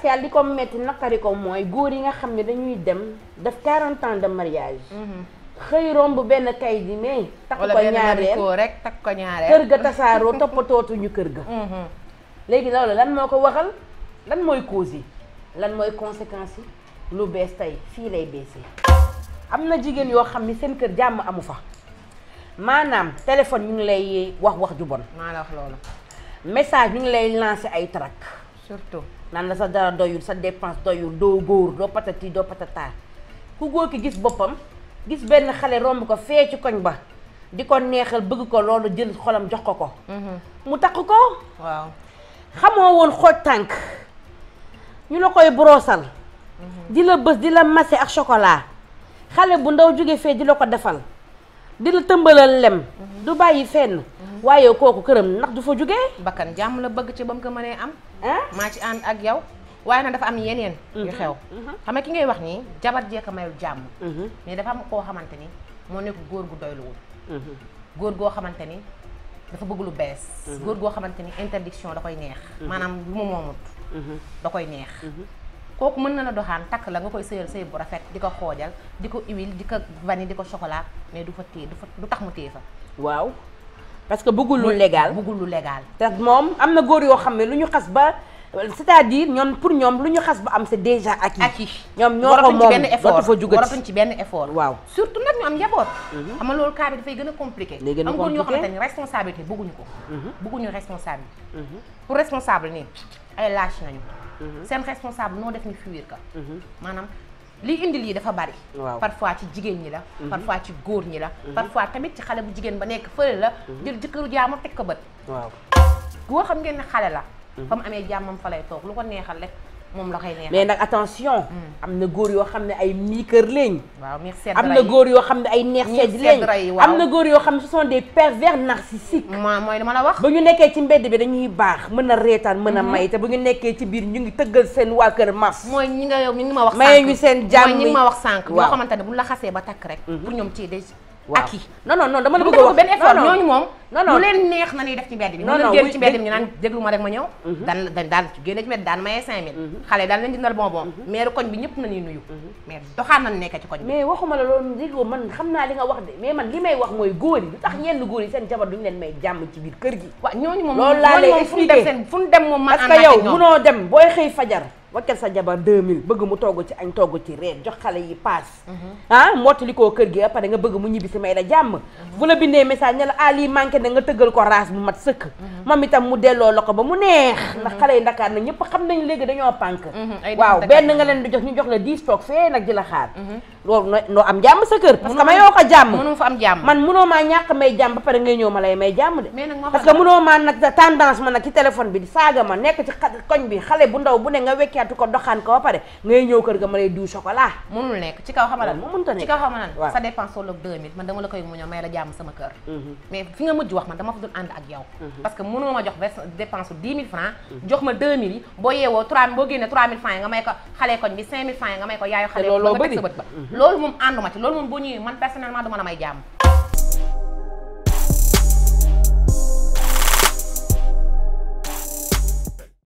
Pascal li ko metti naqari ko mooy góor yi nga xam ne dañuy dem def 40 ans de mariage. Mhm. xëy romb benn kay di mais. takk ko ñaareel rek takk ko ñaareel. kër ga tasaaroo toppatootuñu kër ga. Mhm. léegi loolu lan moo ko waxal lan mooy cause yi lan mooy conséquence yi lu bees tey fii lay beesee. am na jigéen yoo xam ni seen kër jàmm amu fa maanaam téléphone ñu ngi lay wax wax ju bon. wax loolu. message ñu ngi lay lancé ay trac surtout naan la sa dara doyul sa dépense doyul doo góor doo patati doo patataar ku góor ki gis boppam gis benn xale romb ko fee ci koñ ba di ko neexal bëgg ko loolu jël xolam jox ko ko mhm. mu takk ko waaw xamoo woon xooj tànk ñu la koy brosal mhm. di la bës di la masse ak chocolat xale bu ndaw jóge fee di la ko defal di la tëmbalal lem du bàyyi fenn waaye kooku këram ndax du fa jógee bakkan jàmm la bëgg ci ba mu ko mënee am maa ci ànd ak yow waaye nag dafa am yeneen yu mhm. xew mhm. xam nga ki ngay wax nii jabar jee ko mayul jàmm mhm. mais dafa am koo xamante ni moo nekk góor gu doyluwul góor goo xamante ni dafa bëgg lu bees góor goo xamante ni interdiction da koy neex maanaam lu mu moomut da koy neex kooku mën na la doxaan takk la nga koy sëyal sëy bu rafet di ko xoojal di ko huile di ko vanille di ko chocolat mais du fa téye du fa du tax mu téye fa waaw parce que bëggul lu légal bëggul lu légal te moom am na góor yoo xam ne lu ñu xas ba cest à diir ñoom pour ñoom lu ñu xas ba am c'est déjà acquis acquis ñoom ñoo ko moom benn effort fa ci benn effort waaw surtout nag ñu am njaboot mhm. xam nga loolu cas dafay gën a compliqué am góor ñoo xamante ni ko mhm. bëgguñu responsabilité mhm. pour responsable nii ay lâche nañu Mhm. seen responsable noo def ñu fuir ka mhm. maanaam li indi lii dafa bari parfois ci jigéen ñi la mhm. parfois ci góor ñi la parfois tamit ci xale bu jigéen ba nekk fële la jël jëkkëru jaamu teg ko bët waaw goo xam ngeen ne xale la fa mu amee jàmmam fa lay toog lu ko neexal lekk moom la koy mais nag attention. Mm. am na góor yoo xam ne ay miikër lañ. waaw miir am na góor yoo xam ne ay neex sedd lañ am na góor yoo xam ne ce sont des pervers narcissiques. ma mooy li ma la wax. ba ñu nekkee ci mbedd bi dañuy baax mën a reetaan mën a mm-hmm. may te ba ñu nekkee ci biir ñu ngi tëggal seen waa kër mars. mooy ñi nga yow ñi ngi ma wax. sànq maye ñu seen jàmm ñi ngi ma wax sànq. ñoo xamante ne bu la xasee ba takk rek. Mm-hmm. pour ñoom ci de waaw ak yi non non non dama la bëgg a wax benn effort ñooñu moom non non lu leen neex na ñuy def ci mbedd bi. non non ci mbedd bi ñu naan déglu ma rek ma ñëw. daan daan génne ci mbedd daan maye 5000. Mhm. xale daan leen dindal bonbon. maire mhm. koñ bi ñëpp nañuy mhm. la lu tax ñenn góor yi seen jabar duñu leen may jàmm ci biir kër gi. waaw ñooñu moom loolu laa lay fu ñu dem moom man. parce que yow munoo dem booy xëy fajar. wakkel sa jabar 2000 bëgg mu togg ci añ togg ci reer jox xale yi paas ah mottali koo kër gi après nga fekkee ne nga tëggal ko raas bu mat sëkk mhm. moom mu delloo la ba mu neex mhm. ndax xale yi Ndakaar na ñëpp xam nañ léegi dañoo pànk mhm. waaw ma yoo ko jàmm mënoo fa am jàmm man mënoo maa ñàkk ñëw may la jàmm sama kër fi nga mujj mujj dama fa dul ànd ak yow mhm. parce que mënoo ma jox vers dépense dix mille francs jox ma deux mille yi boo yeewoo trois boo génnee trois mille francs yi nga may ko xale koñ bi cinq mille francs yi nga may ko yaayu xale ba mhm. loolu moom ànduma ci loolu moom boo ñëwee man personnellement duma la may jàmm